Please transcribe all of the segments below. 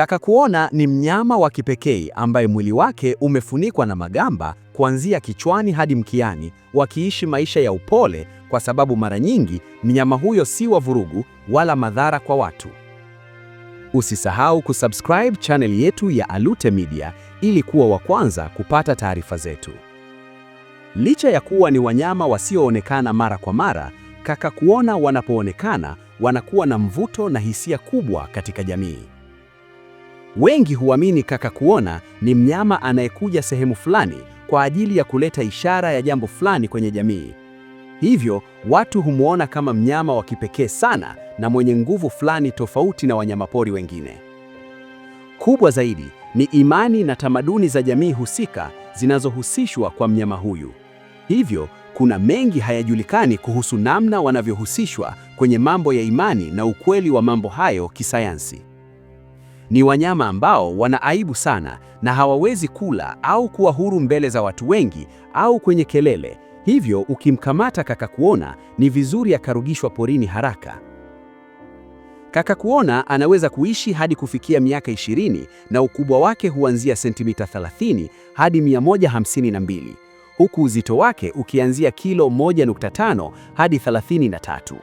kaka kuona ni mnyama wa kipekee ambaye mwili wake umefunikwa na magamba kuanzia kichwani hadi mkiani, wakiishi maisha ya upole kwa sababu mara nyingi mnyama huyo si wa vurugu wala madhara kwa watu. Usisahau kusubscribe channel yetu ya Alute Media ili kuwa wa kwanza kupata taarifa zetu. Licha ya kuwa ni wanyama wasioonekana mara kwa mara, kakakuona wanapoonekana wanakuwa na mvuto na hisia kubwa katika jamii. Wengi huamini kaka kuona ni mnyama anayekuja sehemu fulani kwa ajili ya kuleta ishara ya jambo fulani kwenye jamii. Hivyo watu humwona kama mnyama wa kipekee sana na mwenye nguvu fulani tofauti na wanyamapori wengine. Kubwa zaidi ni imani na tamaduni za jamii husika zinazohusishwa kwa mnyama huyu. Hivyo kuna mengi hayajulikani kuhusu namna wanavyohusishwa kwenye mambo ya imani na ukweli wa mambo hayo kisayansi. Ni wanyama ambao wana aibu sana na hawawezi kula au kuwa huru mbele za watu wengi au kwenye kelele. Hivyo ukimkamata kakakuona ni vizuri akarudishwa porini haraka. Kakakuona anaweza kuishi hadi kufikia miaka 20 na ukubwa wake huanzia sentimita 30 hadi 152, huku uzito wake ukianzia kilo 1.5 hadi 33.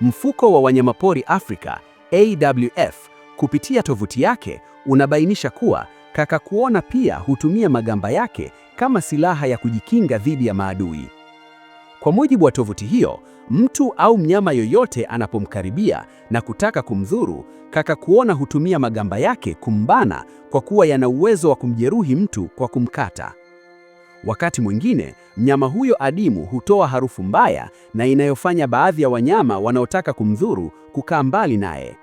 Mfuko wa Wanyamapori Afrika AWF Kupitia tovuti yake unabainisha kuwa Kakakuona pia hutumia magamba yake kama silaha ya kujikinga dhidi ya maadui. Kwa mujibu wa tovuti hiyo, mtu au mnyama yoyote anapomkaribia na kutaka kumdhuru, Kakakuona hutumia magamba yake kumbana kwa kuwa yana uwezo wa kumjeruhi mtu kwa kumkata. Wakati mwingine, mnyama huyo adimu hutoa harufu mbaya na inayofanya baadhi ya wanyama wanaotaka kumdhuru kukaa mbali naye.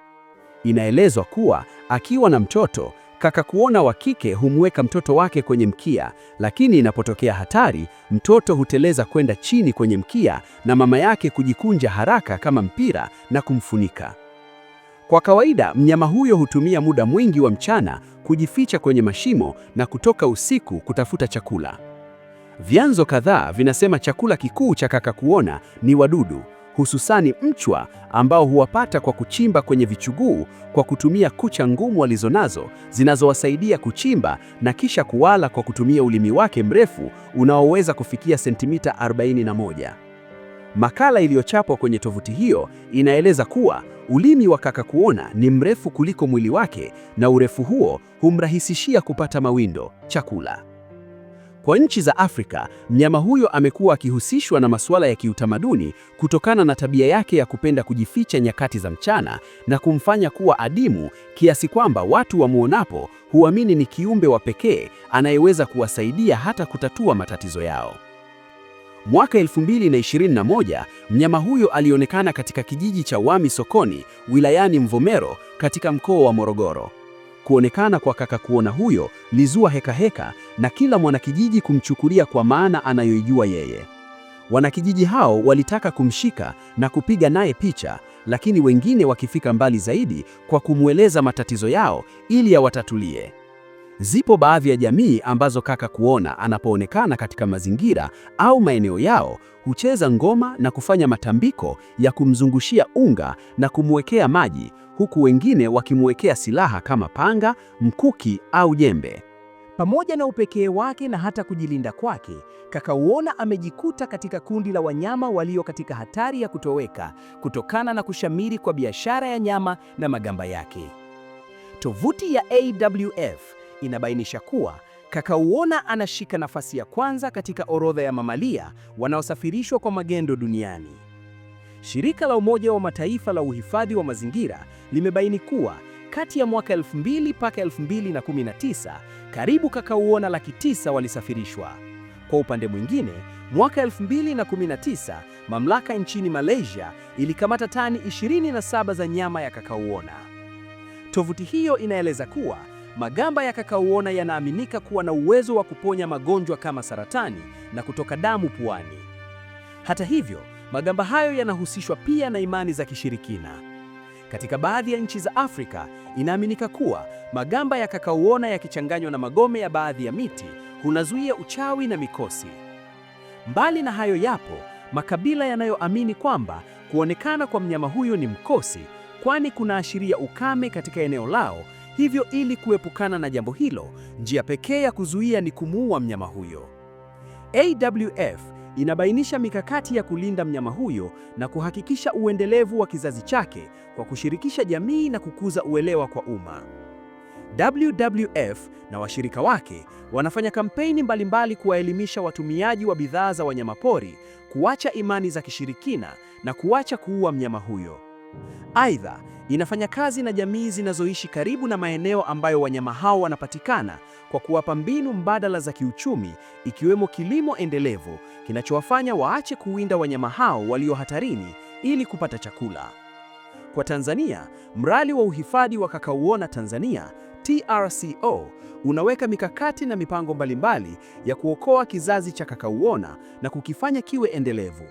Inaelezwa kuwa akiwa na mtoto, kaka kuona wa kike humweka mtoto wake kwenye mkia, lakini inapotokea hatari, mtoto huteleza kwenda chini kwenye mkia na mama yake kujikunja haraka kama mpira na kumfunika. Kwa kawaida, mnyama huyo hutumia muda mwingi wa mchana kujificha kwenye mashimo na kutoka usiku kutafuta chakula. Vyanzo kadhaa vinasema chakula kikuu cha kaka kuona ni wadudu hususani mchwa ambao huwapata kwa kuchimba kwenye vichuguu kwa kutumia kucha ngumu walizonazo zinazowasaidia kuchimba na kisha kuwala kwa kutumia ulimi wake mrefu unaoweza kufikia sentimita 41. Makala iliyochapwa kwenye tovuti hiyo inaeleza kuwa ulimi wa kakakuona ni mrefu kuliko mwili wake na urefu huo humrahisishia kupata mawindo, chakula. Kwa nchi za Afrika, mnyama huyo amekuwa akihusishwa na masuala ya kiutamaduni kutokana na tabia yake ya kupenda kujificha nyakati za mchana na kumfanya kuwa adimu kiasi kwamba watu wamwonapo huamini ni kiumbe wa pekee anayeweza kuwasaidia hata kutatua matatizo yao. Mwaka 2021, mnyama huyo alionekana katika kijiji cha Wami Sokoni, wilayani Mvomero, katika mkoa wa Morogoro. Kuonekana kwa kaka kuona huyo lizua hekaheka heka, na kila mwanakijiji kumchukulia kwa maana anayoijua yeye. Wanakijiji hao walitaka kumshika na kupiga naye picha, lakini wengine wakifika mbali zaidi kwa kumweleza matatizo yao ili yawatatulie. Zipo baadhi ya jamii ambazo kaka kuona anapoonekana katika mazingira au maeneo yao hucheza ngoma na kufanya matambiko ya kumzungushia unga na kumwekea maji, huku wengine wakimwekea silaha kama panga, mkuki au jembe. Pamoja na upekee wake na hata kujilinda kwake, kakauona amejikuta katika kundi la wanyama walio katika hatari ya kutoweka kutokana na kushamiri kwa biashara ya nyama na magamba yake. Tovuti ya AWF inabainisha kuwa kakauona anashika nafasi ya kwanza katika orodha ya mamalia wanaosafirishwa kwa magendo duniani. Shirika la Umoja wa Mataifa la uhifadhi wa mazingira limebaini kuwa kati ya mwaka 2000 mpaka 2019, karibu kakauona laki tisa walisafirishwa. Kwa upande mwingine, mwaka 2019 mamlaka nchini Malaysia ilikamata tani 27 za nyama ya kakauona. Tovuti hiyo inaeleza kuwa magamba ya kakauona yanaaminika kuwa na uwezo wa kuponya magonjwa kama saratani na kutoka damu puani. Hata hivyo, magamba hayo yanahusishwa pia na imani za kishirikina. Katika baadhi ya nchi za Afrika, inaaminika kuwa magamba ya kakauona yakichanganywa na magome ya baadhi ya miti hunazuia uchawi na mikosi. Mbali na hayo, yapo makabila yanayoamini kwamba kuonekana kwa mnyama huyo ni mkosi, kwani kunaashiria ukame katika eneo lao. Hivyo, ili kuepukana na jambo hilo, njia pekee ya kuzuia ni kumuua mnyama huyo. AWF Inabainisha mikakati ya kulinda mnyama huyo na kuhakikisha uendelevu wa kizazi chake kwa kushirikisha jamii na kukuza uelewa kwa umma. WWF na washirika wake wanafanya kampeni mbalimbali kuwaelimisha watumiaji wa bidhaa za wanyamapori kuacha imani za kishirikina na kuacha kuua mnyama huyo. Aidha, inafanya kazi na jamii zinazoishi karibu na maeneo ambayo wanyama hao wanapatikana kwa kuwapa mbinu mbadala za kiuchumi ikiwemo kilimo endelevu kinachowafanya waache kuwinda wanyama hao walio hatarini ili kupata chakula. Kwa Tanzania, mradi wa uhifadhi wa Kakauona Tanzania TRCO unaweka mikakati na mipango mbalimbali ya kuokoa kizazi cha kakauona na kukifanya kiwe endelevu.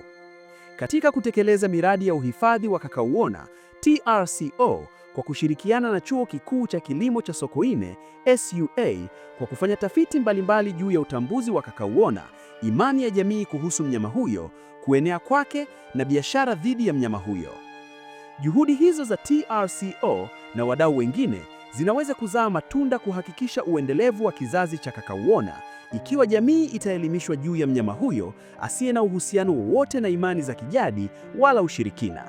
Katika kutekeleza miradi ya uhifadhi wa kakauona TRCO kwa kushirikiana na Chuo Kikuu cha Kilimo cha Sokoine SUA kwa kufanya tafiti mbalimbali juu ya utambuzi wa kakauona, imani ya jamii kuhusu mnyama huyo, kuenea kwake na biashara dhidi ya mnyama huyo. Juhudi hizo za TRCO na wadau wengine zinaweza kuzaa matunda kuhakikisha uendelevu wa kizazi cha kakauona. Ikiwa jamii itaelimishwa juu ya mnyama huyo asiye na uhusiano wowote na imani za kijadi wala ushirikina.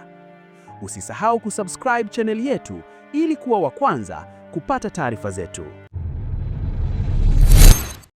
Usisahau kusubscribe chaneli yetu ili kuwa wa kwanza kupata taarifa zetu.